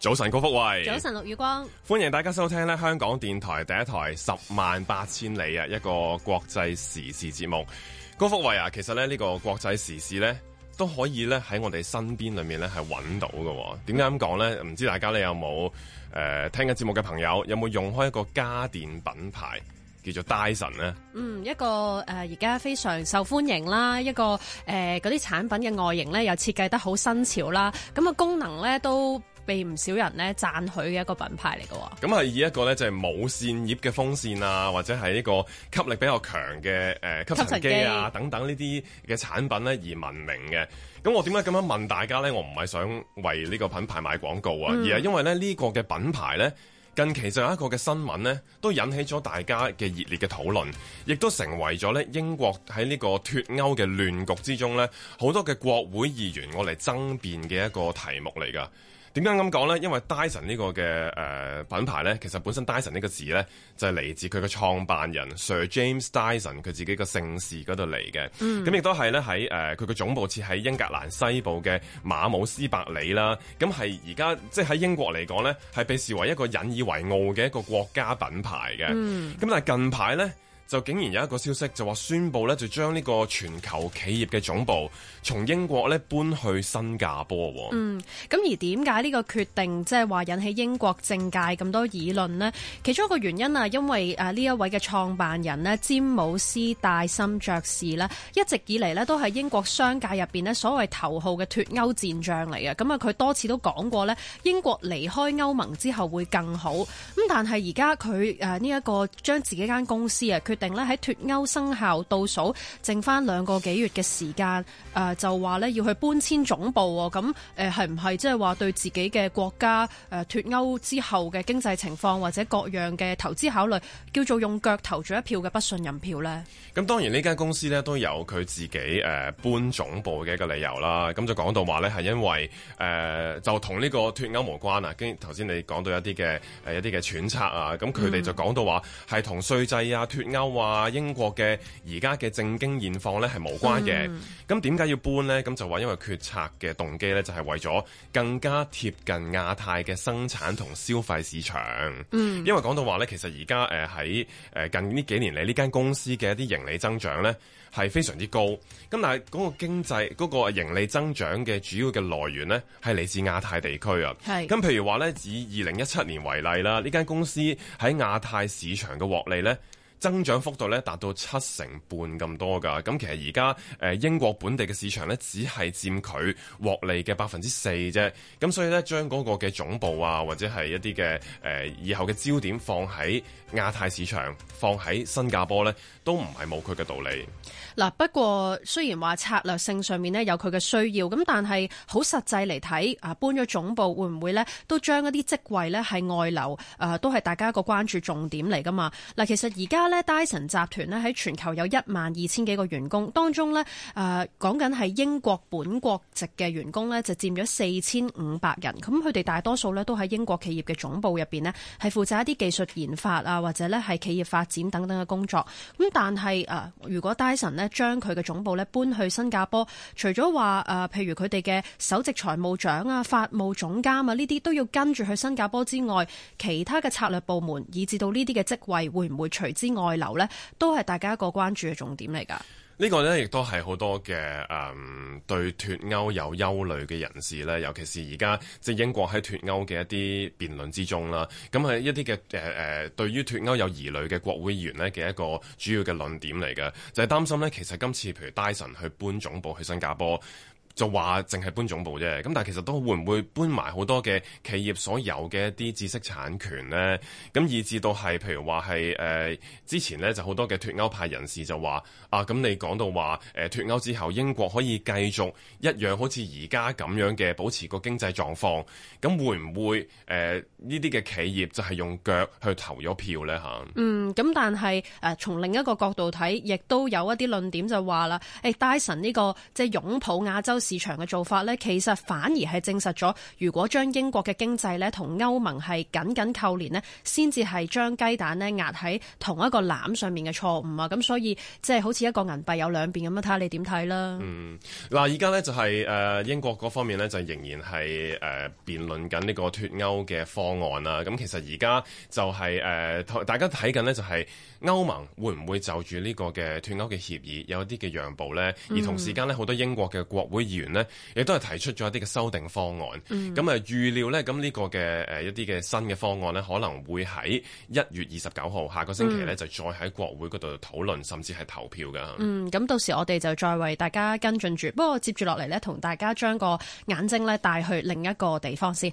早晨，高福慧。早晨，陸宇光。歡迎大家收聽香港電台第一台《十萬八千里》啊，一個國際時事節目。高福慧啊，其實咧呢個國際時事咧都可以咧喺我哋身邊裏面咧係揾到嘅。點解咁講咧？唔知道大家你有冇誒、呃、聽緊節目嘅朋友有冇用開一個家電品牌叫做戴 n 咧？嗯，一個誒而家非常受歡迎啦，一個誒嗰啲產品嘅外形咧又設計得好新潮啦，咁、那個功能咧都。被唔少人咧讚許嘅一個品牌嚟㗎，咁係以一個咧就係、是、冇扇葉嘅風扇啊，或者係呢個吸力比較強嘅、呃、吸塵機啊等等呢啲嘅產品咧而聞名嘅。咁我點解咁樣問大家咧？我唔係想為呢個品牌買廣告啊，嗯、而係因為咧呢、呢個嘅品牌咧近期就有一個嘅新聞咧都引起咗大家嘅熱烈嘅討論，亦都成為咗咧英國喺呢個脫歐嘅亂局之中咧好多嘅國會議員我嚟爭辯嘅一個題目嚟㗎。點解咁講咧？因為 Dyson 呢個嘅誒品牌咧，其實本身 Dyson 呢個字咧，就係、是、嚟自佢嘅創辦人 Sir James Dyson 佢自己個姓氏嗰度嚟嘅。咁亦、嗯、都係咧喺誒佢嘅總部設喺英格蘭西部嘅馬姆斯伯里啦。咁係而家即係喺英國嚟講咧，係被視為一個引以為傲嘅一個國家品牌嘅。咁、嗯、但係近排咧，就竟然有一個消息，就話宣布咧，就將呢個全球企業嘅總部從英國咧搬去新加坡哦。嗯，咁而點解呢個決定即係話引起英國政界咁多議論咧？其中一個原因啊，因為誒呢一位嘅創辦人咧，詹姆斯戴森爵士咧，一直以嚟咧都係英國商界入邊咧所謂頭號嘅脫歐戰將嚟嘅。咁啊，佢多次都講過咧，英國離開歐盟之後會更好。咁但係而家佢誒呢一個將自己間公司啊定咧喺脱歐生效倒數，剩翻兩個幾月嘅時間，誒、呃、就話呢要去搬遷總部喎，哦。咁誒係唔係即係話對自己嘅國家誒脱、呃、歐之後嘅經濟情況或者各樣嘅投資考慮，叫做用腳投咗一票嘅不信任票呢？咁當然呢間公司呢，都有佢自己誒、呃、搬總部嘅一個理由啦。咁就講到話呢，係因為誒、呃、就同呢個脱歐無關啊。跟住頭先你講到一啲嘅誒一啲嘅揣測啊，咁佢哋就講到話係同稅制啊、脱歐。話英國嘅而家嘅政經現況咧係無關嘅，咁點解要搬呢？咁就話因為決策嘅動機咧，就係為咗更加貼近亞太嘅生產同消費市場。嗯，因為講到話咧，其實而家誒喺誒近呢幾年嚟呢間公司嘅一啲盈利增長咧係非常之高，咁、嗯、但係嗰個經濟嗰、嗰個盈利增長嘅主要嘅來源咧係嚟自亞太地區啊。係咁是，譬如話咧，以二零一七年為例啦，呢間公司喺亞太市場嘅獲利咧，增長幅度咧達到七成半咁多㗎，咁其實而家、呃、英國本地嘅市場咧只係佔佢獲利嘅百分之四啫，咁所以咧將嗰個嘅總部啊或者係一啲嘅誒以後嘅焦點放喺亞太市場，放喺新加坡咧都唔係冇佢嘅道理。嗱、啊，不過雖然話策略性上面呢，有佢嘅需要，咁但係好實際嚟睇啊，搬咗總部會唔會咧都將一啲職位咧係外流？啊都係大家一個關注重點嚟㗎嘛。嗱、啊，其實而家。咧戴森集團呢喺全球有一萬二千幾個員工，當中呢，誒講緊係英國本國籍嘅員工呢，就佔咗四千五百人。咁佢哋大多數呢都喺英國企業嘅總部入邊呢，係負責一啲技術研發啊，或者呢係企業發展等等嘅工作。咁但係誒、呃、如果戴森呢將佢嘅總部呢搬去新加坡，除咗話誒譬如佢哋嘅首席財務長啊、法務總監啊呢啲都要跟住去新加坡之外，其他嘅策略部門以至到呢啲嘅職位會唔會隨之外？外流呢都係大家一個關注嘅重點嚟㗎。呢個呢亦都係好多嘅誒、嗯，對脫歐有憂慮嘅人士呢，尤其是而家即係英國喺脫歐嘅一啲辯論之中啦。咁係一啲嘅誒誒，對於脫歐有疑慮嘅國會議員呢嘅一個主要嘅論點嚟嘅，就係、是、擔心呢，其實今次譬如 Dyson 去搬總部去新加坡。就話淨係搬總部啫，咁但係其實都會唔會搬埋好多嘅企業所有嘅一啲知識產權呢？咁以至到係譬如話係誒之前呢，就好多嘅脫歐派人士就話啊，咁你講到話誒脫歐之後英國可以繼續一樣好似而家咁樣嘅保持個經濟狀況，咁會唔會誒呢啲嘅企業就係用腳去投咗票呢？吓，嗯，咁但係誒從另一個角度睇，亦都有一啲論點就話啦，誒 dyson 呢個即係擁抱亞洲。市場嘅做法呢，其實反而係證實咗，如果將英國嘅經濟呢同歐盟係緊緊扣連呢，先至係將雞蛋呢壓喺同一個籃上面嘅錯誤啊！咁所以即係好似一個銀幣有兩邊咁啊，睇下你點睇啦。嗯，嗱，而家呢就係誒英國嗰方面呢，就仍然係誒辯論緊呢個脱歐嘅方案啊。咁其實而家就係、係、誒大家睇緊呢，就係歐盟會唔會就住呢個嘅脱歐嘅協議有一啲嘅讓步呢？而同時間呢，好多英國嘅國會議咧，亦都係提出咗一啲嘅修訂方案。咁啊、嗯，預料呢，咁呢個嘅誒一啲嘅新嘅方案呢，可能會喺一月二十九號下個星期呢，就再喺國會嗰度討論，甚至係投票㗎。嗯，咁到時我哋就再為大家跟進住。不過接住落嚟呢，同大家將個眼睛咧帶去另一個地方先。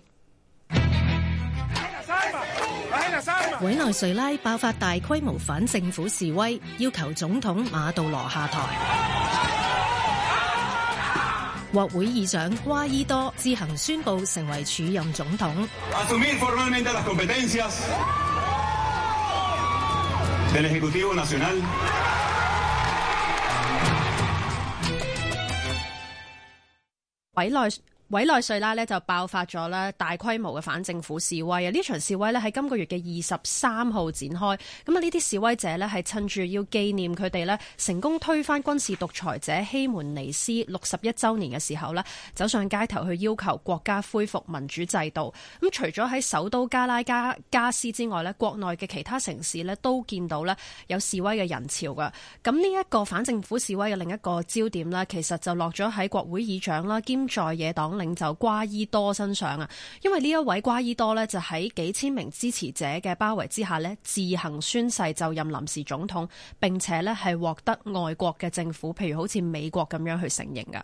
委內瑞拉爆發大規模反政府示威，要求總統馬杜羅下台。獲會議長瓜伊多自行宣佈成為署任總統。委委內瑞拉呢就爆發咗呢大規模嘅反政府示威啊！呢場示威呢喺今個月嘅二十三號展開，咁啊呢啲示威者呢係趁住要紀念佢哋呢成功推翻軍事獨裁者希門尼斯六十一週年嘅時候呢，走上街頭去要求國家恢復民主制度。咁除咗喺首都加拉加加斯之外呢，國內嘅其他城市呢都見到呢有示威嘅人潮㗎。咁呢一個反政府示威嘅另一個焦點呢，其實就落咗喺國會議長啦兼在野黨。領袖瓜伊多身上啊，因為呢一位瓜伊多呢，就喺幾千名支持者嘅包圍之下呢，自行宣誓就任臨時總統，並且呢係獲得外國嘅政府，譬如好似美國咁樣去承認㗎。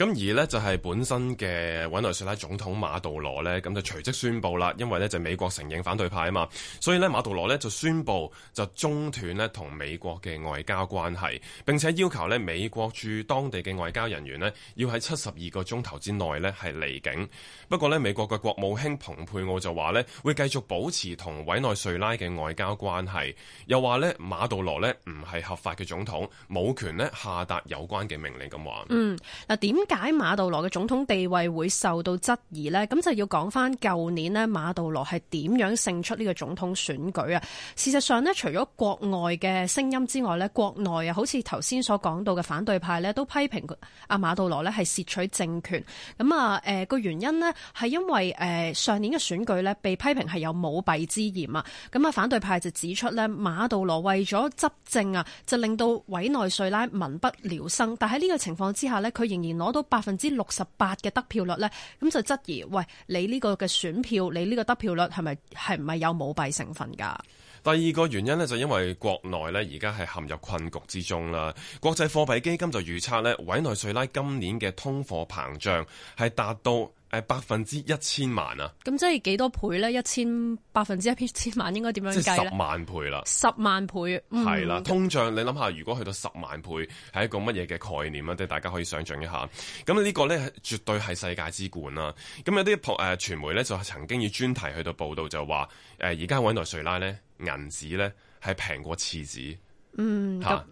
咁而呢，就係本身嘅委內瑞拉總統馬杜羅呢，咁就隨即宣布啦，因為呢，就美國承認反對派啊嘛，所以呢，馬杜羅呢就宣布就中斷呢同美國嘅外交關係，並且要求呢美國駐當地嘅外交人員呢要喺七十二個鐘頭之內呢係離境。不過呢，美國嘅國務卿蓬佩奧就話呢會繼續保持同委內瑞拉嘅外交關係，又話呢，馬杜羅呢唔係合法嘅總統，冇權呢下達有關嘅命令咁話。嗯，嗱解馬杜羅嘅總統地位會受到質疑呢？咁就要講翻舊年呢馬杜羅係點樣勝出呢個總統選舉啊？事實上呢，除咗國外嘅聲音之外呢，國內啊，好似頭先所講到嘅反對派呢都批評阿馬杜羅呢係竊取政權。咁啊，誒、呃、個原因呢係因為、呃、上年嘅選舉呢被批評係有舞弊之嫌啊。咁啊，反對派就指出呢馬杜羅為咗執政啊，就令到委內瑞拉民不聊生。但喺呢個情況之下呢，佢仍然攞到。百分之六十八嘅得票率呢，咁就質疑，喂，你呢個嘅選票，你呢個得票率係咪係唔係有舞弊成分噶？第二個原因呢，就因為國內呢，而家係陷入困局之中啦。國際貨幣基金就預測呢，委內瑞拉今年嘅通貨膨脹係達到。誒百分之一千萬啊！咁即係幾多倍咧？一千百分之一千萬應該點樣計？十萬倍啦！十萬倍，係、嗯、啦！通脹你諗下，如果去到十萬倍，係一個乜嘢嘅概念咧？即係大家可以想象一下。咁呢個咧絕對係世界之冠啦、啊！咁有啲誒傳媒咧就曾經以專題去到報導，就話誒而家委內瑞拉咧銀紙咧係平過廁紙。嗯，咁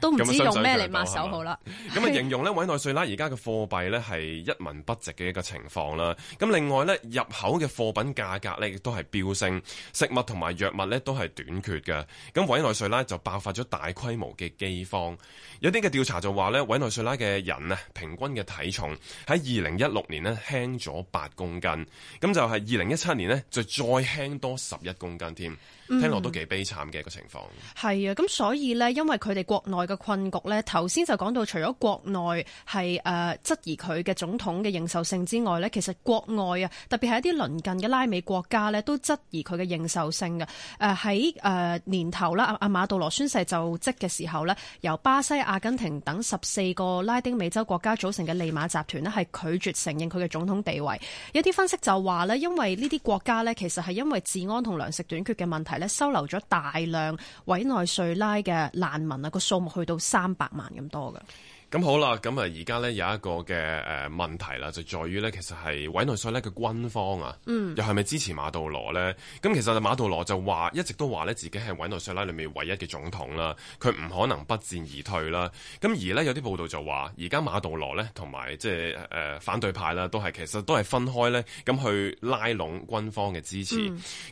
都唔知用咩嚟抹手好啦。咁啊，形容咧委內瑞拉而家嘅貨幣咧係一文不值嘅一個情況啦。咁另外咧，入口嘅貨品價格咧亦都係飆升，食物同埋藥物咧都係短缺嘅。咁委內瑞拉就爆發咗大規模嘅饑荒。有啲嘅調查就話咧，委內瑞拉嘅人啊，平均嘅體重喺二零一六年呢輕咗八公斤，咁就係二零一七年呢就再輕多十一公斤添。聽落都幾悲慘嘅一個情況。係、嗯、啊，咁所以呢，因為佢哋國內嘅困局呢，頭先就講到，除咗國內係誒、呃、質疑佢嘅總統嘅認受性之外呢，其實國外啊，特別係一啲鄰近嘅拉美國家呢，都質疑佢嘅認受性嘅。喺、呃、誒、呃、年頭啦，阿、啊、馬馬杜羅宣誓就職嘅時候呢，由巴西、阿根廷等十四個拉丁美洲國家組成嘅利馬集團呢，係拒絕承認佢嘅總統地位。有啲分析就話呢，因為呢啲國家呢，其實係因為治安同糧食短缺嘅問題。咧收留咗大量委內瑞拉嘅難民啊，個數目去到三百萬咁多噶。咁好啦，咁啊而家咧有一個嘅誒問題啦，就在於咧其實係委內瑞拉嘅軍方啊，嗯、又係咪支持馬杜羅咧？咁其實啊馬杜羅就話一直都話咧自己係委內瑞拉裏面唯一嘅總統啦，佢唔可能不戰而退啦。咁而咧有啲報道就話，而家馬杜羅咧同埋即係誒反對派啦，都係其實都係分開咧咁去拉攏軍方嘅支持。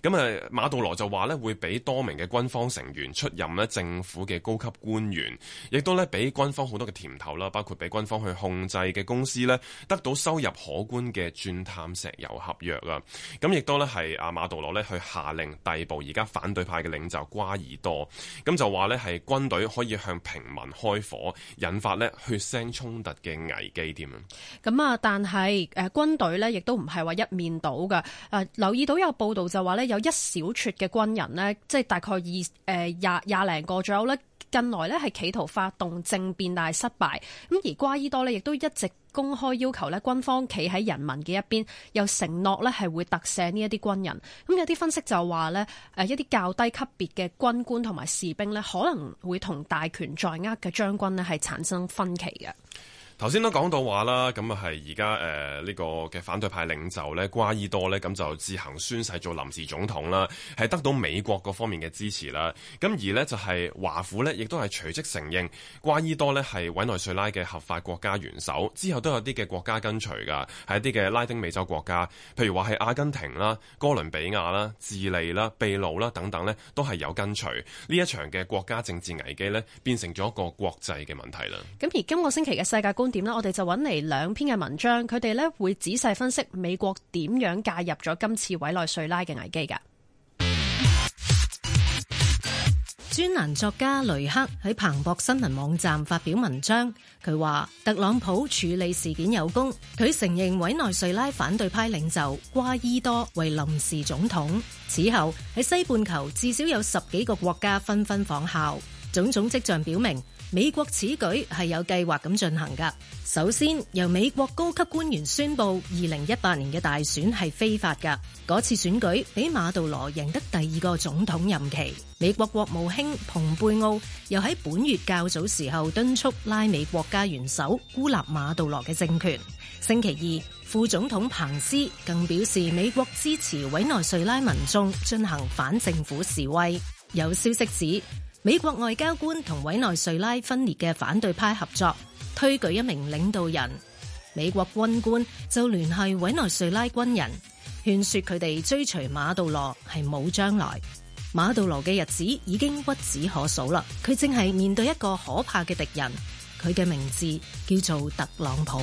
咁啊、嗯、馬杜羅就話咧會俾多名嘅軍方成員出任咧政府嘅高級官員，亦都咧俾軍方好多嘅甜頭。啦，包括俾軍方去控制嘅公司呢，得到收入可觀嘅鑽探石油合約啊。咁亦都呢係阿馬杜羅呢去下令逮捕而家反對派嘅領袖瓜爾多，咁就話呢係軍隊可以向平民開火，引發呢血腥衝突嘅危機點啊？咁啊，但係誒軍隊呢亦都唔係話一面倒嘅，誒留意到有報道就話呢，有一小撮嘅軍人呢，即係大概二誒廿廿零個左右呢。近來呢係企圖發動政變，但係失敗。咁而瓜伊多呢亦都一直公開要求呢軍方企喺人民嘅一邊，又承諾呢係會特赦呢一啲軍人。咁有啲分析就話呢誒一啲較低級別嘅軍官同埋士兵呢可能會同大權在握嘅將軍呢係產生分歧嘅。頭先都講到話啦，咁啊係而家誒呢個嘅反對派領袖咧，瓜伊多咧，咁就自行宣誓做臨時總統啦，係得到美國各方面嘅支持啦。咁而呢，就係華府呢，亦都係隨即承認瓜伊多呢係委內瑞拉嘅合法國家元首。之後都有啲嘅國家跟隨㗎，係一啲嘅拉丁美洲國家，譬如話係阿根廷啦、哥倫比亞啦、智利啦、秘魯啦等等呢，都係有跟隨。呢一場嘅國家政治危機呢，變成咗一個國際嘅問題啦。咁而今個星期嘅世界觀點，我哋就搵嚟兩篇嘅文章，佢哋咧，會仔細分析美國點樣介入咗今次委內瑞拉嘅危機嘅。專欄作家雷克喺彭博新聞網站發表文章，佢話特朗普處理事件有功，佢承認委內瑞拉反對派領袖瓜伊多為臨時總統。此後喺西半球至少有十幾個國家紛紛仿效，種種跡象表明。美國此舉係有計劃咁進行噶。首先，由美國高級官員宣布，二零一八年嘅大選係非法噶。嗰次選舉俾馬杜羅贏得第二個總統任期。美國國務卿蓬佩奧又喺本月較早時候敦促拉美國家元首孤立馬杜羅嘅政權。星期二，副總統彭斯更表示，美國支持委內瑞拉民眾進行反政府示威。有消息指。美國外交官同委內瑞拉分裂嘅反對派合作，推舉一名領導人，美國軍官就聯繫委內瑞拉軍人勸說佢哋追隨馬杜羅係冇將來，馬杜羅嘅日子已經屈指可數啦。佢正係面對一個可怕嘅敵人，佢嘅名字叫做特朗普。好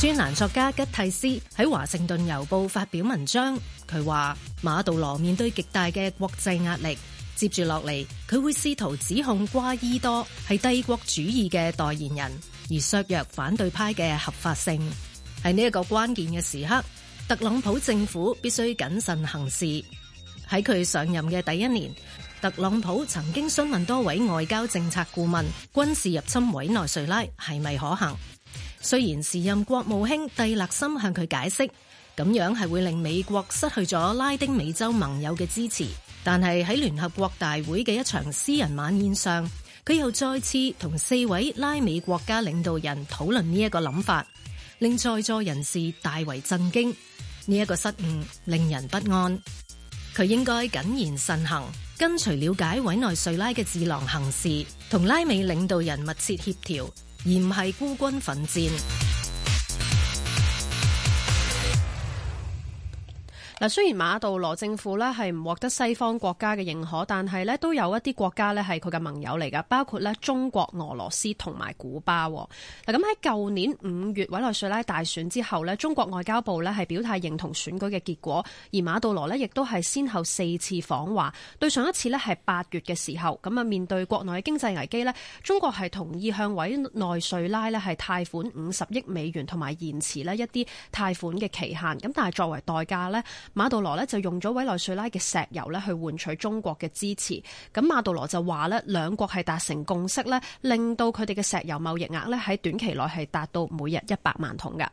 專欄作家吉蒂斯喺華盛頓郵報發表文章，佢話馬杜羅面對極大嘅國際壓力。接住落嚟，佢會試圖指控瓜伊多係帝國主義嘅代言人，而削弱反對派嘅合法性。喺呢一個關鍵嘅時刻，特朗普政府必須謹慎行事。喺佢上任嘅第一年，特朗普曾經詢問多位外交政策顧問，軍事入侵委內瑞拉係咪可行？雖然時任國務卿蒂勒森向佢解釋，咁樣係會令美國失去咗拉丁美洲盟友嘅支持。但係喺聯合國大會嘅一場私人晚宴上，佢又再次同四位拉美國家領導人討論呢一個諗法，令在座人士大為震驚。呢一個失誤令人不安，佢應該謹言慎行，跟隨了解委內瑞拉嘅智囊行事，同拉美領導人密切協調，而唔係孤軍奮戰。嗱，雖然馬杜羅政府咧係唔獲得西方國家嘅認可，但係呢都有一啲國家咧係佢嘅盟友嚟㗎，包括咧中國、俄羅斯同埋古巴。嗱，咁喺舊年五月委內瑞拉大選之後呢，中國外交部咧係表態認同選舉嘅結果，而馬杜羅呢亦都係先後四次訪華。對上一次呢係八月嘅時候，咁啊面對國內嘅經濟危機呢，中國係同意向委內瑞拉呢係貸款五十億美元，同埋延遲呢一啲貸款嘅期限。咁但係作為代價呢。馬杜羅呢就用咗委內瑞拉嘅石油呢去換取中國嘅支持，咁馬杜羅就話呢兩國係達成共識呢，令到佢哋嘅石油貿易額呢喺短期內係達到每日一百萬桶㗎。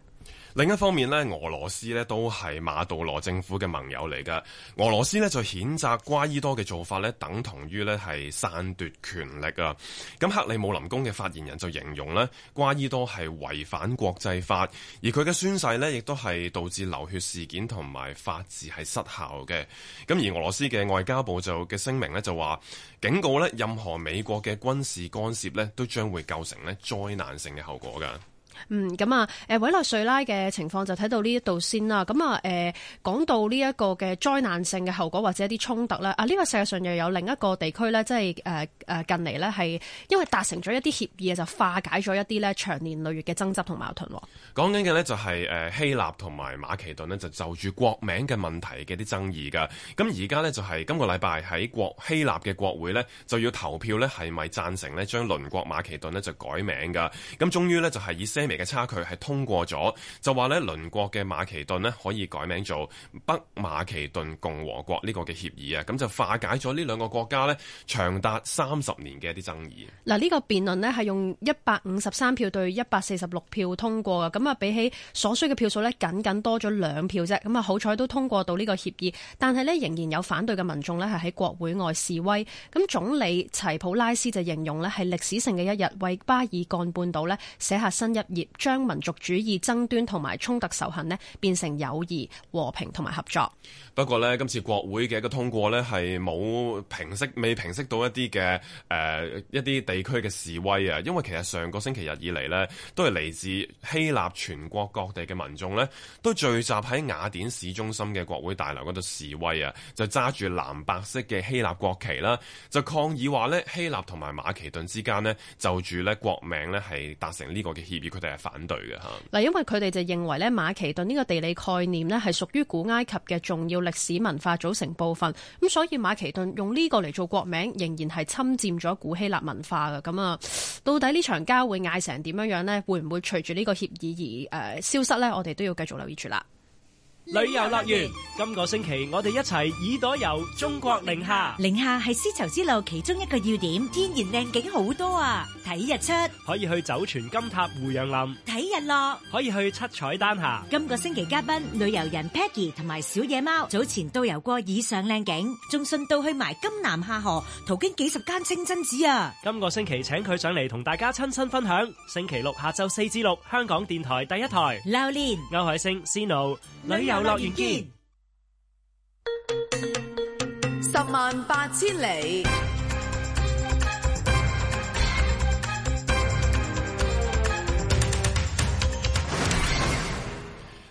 另一方面呢俄羅斯呢都係馬杜羅政府嘅盟友嚟噶。俄羅斯呢就譴責瓜伊多嘅做法呢等同於呢係篡奪權力啊。咁克里姆林宮嘅發言人就形容呢瓜伊多係違反國際法，而佢嘅宣誓呢亦都係導致流血事件同埋法治係失效嘅。咁而俄羅斯嘅外交部就嘅聲明呢就話，警告呢任何美國嘅軍事干涉呢都將會構成呢災難性嘅後果噶。嗯，咁啊，誒委內瑞拉嘅情況就睇到呢一度先啦。咁啊，誒、嗯、講到呢一個嘅災難性嘅後果或者一啲衝突啦。啊呢、呢個世界上又有另一個地區呢，即係、啊、近嚟呢，係因為達成咗一啲協議就化解咗一啲呢長年累月嘅爭執同矛盾。講緊嘅呢，就係希臘同埋馬其頓呢，就就住國名嘅問題嘅啲爭議㗎。咁而家呢，就係今個禮拜喺國希臘嘅國會呢，就要投票呢，係咪贊成呢？將鄰國馬其頓呢，就改名㗎。咁終於呢，就係以嘅差距係通過咗，就話咧鄰國嘅馬其頓咧可以改名做北馬其頓共和國呢個嘅協議啊，咁就化解咗呢兩個國家咧長達三十年嘅一啲爭議。嗱，呢個辯論咧係用一百五十三票對一百四十六票通過嘅，咁啊比起所需嘅票數咧，僅僅多咗兩票啫，咁啊好彩都通過到呢個協議。但係咧仍然有反對嘅民眾咧係喺國會外示威。咁總理齊普拉斯就形容咧係歷史性嘅一日，為巴爾幹半島咧寫下新一頁。將民族主義爭端同埋衝突仇恨呢，變成友誼、和平同埋合作。不過呢，今次國會嘅一個通過呢，係冇平息，未平息到一啲嘅誒一啲地區嘅示威啊。因為其實上個星期日以嚟，呢，都係嚟自希臘全國各地嘅民眾呢，都聚集喺雅典市中心嘅國會大樓嗰度示威啊，就揸住藍白色嘅希臘國旗啦，就抗議話呢，希臘同埋馬其頓之間呢，就住呢國名呢，係達成呢個嘅協議。佢哋係反對嘅嚇，嗱，因為佢哋就認為咧，馬其頓呢個地理概念咧，係屬於古埃及嘅重要歷史文化組成部分，咁所以馬其頓用呢個嚟做國名，仍然係侵佔咗古希臘文化嘅。咁啊，到底呢場交會嗌成點樣樣呢？會唔會隨住呢個協議而誒消失呢？我哋都要繼續留意住啦。旅遊樂園。今個星期我哋一齊耳朵遊中國寧夏，寧夏係絲綢之路其中一個要點，天然靚景好多啊！睇日出可以去酒泉金塔胡楊林，睇日落可以去七彩丹霞。今個星期嘉賓旅遊人 Peggy 同埋小野貓早前都遊過以上靚景，仲順道去埋甘南夏河，途經幾十間清真寺啊！今個星期請佢上嚟同大家親身分享。星期六下晝四至六，香港電台第一台。榴槤，歐海星、Sino 旅遊樂園見。十萬八千里，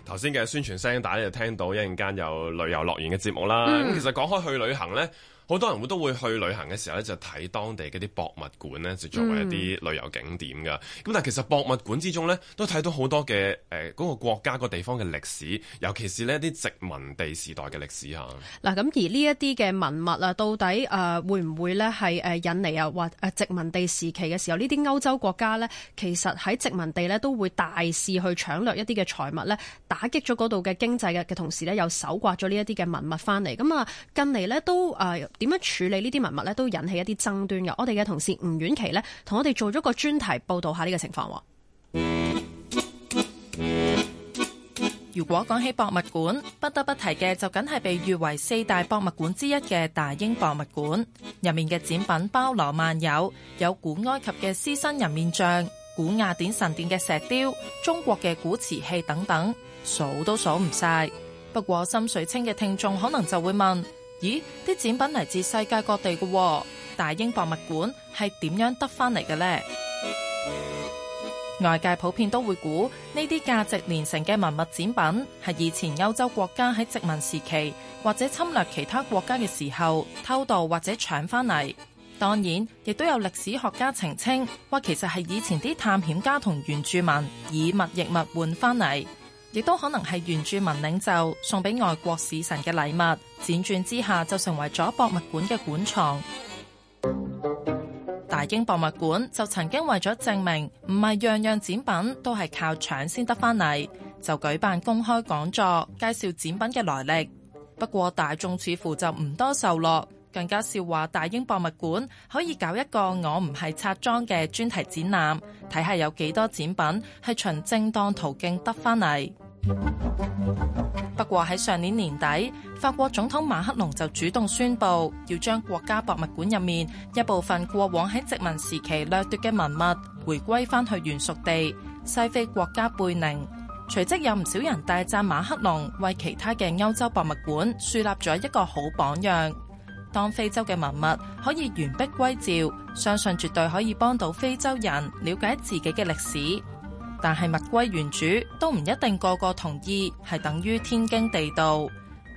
頭先嘅宣傳聲，大家就聽到，一陣間有旅遊樂園嘅節目啦。咁、嗯、其實講開去旅行咧，好多人會都會去旅行嘅時候咧，就睇當地嗰啲博物館呢，就作為一啲旅遊景點噶。咁、嗯、但係其實博物館之中呢，都睇到好多嘅嗰個國家個地方嘅歷史，尤其是呢啲殖民地時代嘅歷史嚇。嗱咁而呢一啲嘅文物啊，到底誒、呃、會唔會呢係引嚟啊？或殖民地時期嘅時候，呢啲歐洲國家呢，其實喺殖民地呢都會大肆去搶掠一啲嘅財物呢，打擊咗嗰度嘅經濟嘅嘅同時呢，又搜刮咗呢一啲嘅文物翻嚟。咁啊近嚟呢都、呃點樣處理呢啲文物咧，都引起一啲爭端嘅。我哋嘅同事吳沅琪咧，同我哋做咗個專題，報導下呢個情況。如果講起博物館，不得不提嘅就梗係被譽為四大博物館之一嘅大英博物館，入面嘅展品包羅萬有，有古埃及嘅獅身人面像、古雅典神殿嘅石雕、中國嘅古瓷器等等，數都數唔晒。不過，心水清嘅聽眾可能就會問。咦，啲展品嚟自世界各地嘅喎，大英博物館係點樣得翻嚟嘅咧？外界普遍都會估呢啲價值連城嘅文物展品，係以前歐洲國家喺殖民時期或者侵略其他國家嘅時候偷盜或者搶翻嚟。當然，亦都有歷史學家澄清話，其實係以前啲探險家同原住民以物易物換翻嚟。亦都可能係原住民領袖送俾外國使臣嘅禮物，輾轉之下就成為咗博物館嘅館藏。大英博物館就曾經為咗證明唔係樣樣展品都係靠搶先得返嚟，就舉辦公開講座，介紹展品嘅來歷。不過大眾似乎就唔多受落。更加笑話，大英博物館可以搞一個我唔係拆裝嘅專題展覽，睇下有幾多展品係循正當途徑得返嚟。不過喺上年年底，法國總統馬克龍就主動宣布要將國家博物館入面一部分過往喺殖民時期掠奪嘅文物回歸翻去原屬地，西非國家貝寧，隨即有唔少人大讚馬克龍為其他嘅歐洲博物館樹立咗一個好榜樣。當非洲嘅文物可以原璧歸趙，相信絕對可以幫到非洲人了解自己嘅歷史。但係物歸原主都唔一定個個同意，係等於天經地道。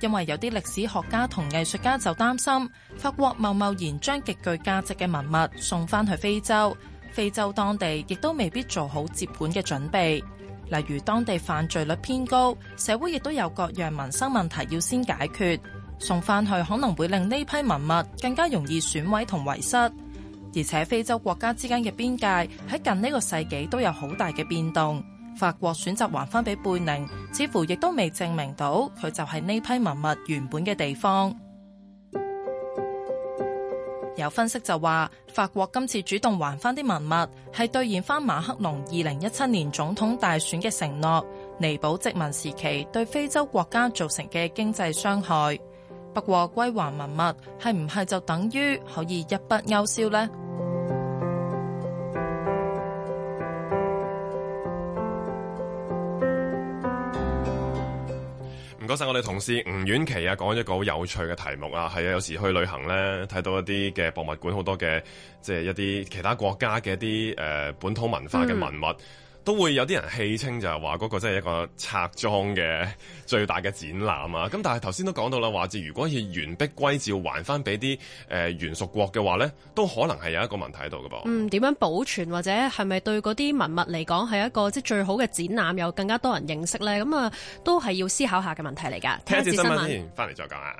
因為有啲歷史學家同藝術家就擔心，法國貿貿然將極具價值嘅文物送翻去非洲，非洲當地亦都未必做好接盤嘅準備。例如當地犯罪率偏高，社會亦都有各樣民生問題要先解決。送翻去可能會令呢批文物更加容易損毀同遺失，而且非洲國家之間嘅邊界喺近呢個世紀都有好大嘅變動。法國選擇還翻俾貝寧，似乎亦都未證明到佢就係呢批文物原本嘅地方。有分析就話，法國今次主動還翻啲文物，係兌現翻馬克龍二零一七年總統大選嘅承諾，彌補殖民時期對非洲國家造成嘅經濟傷害。不過歸還文物，係唔係就等於可以一筆勾銷呢？唔該晒，我哋同事吳沅琪啊，講一個好有趣嘅題目啊，係啊，有時去旅行咧，睇到一啲嘅博物館好多嘅，即係一啲其他國家嘅一啲誒本土文化嘅文物。嗯都會有啲人氣稱就係話嗰個真係一個拆裝嘅最大嘅展覽啊！咁但係頭先都講到啦，話住如果要完璧歸趙還翻俾啲誒原屬國嘅話咧，都可能係有一個問題喺度嘅噃。嗯，點樣保存或者係咪對嗰啲文物嚟講係一個即係最好嘅展覽，有更加多人認識咧？咁啊，都係要思考下嘅問題嚟㗎。聽完新聞先，翻嚟再講啊！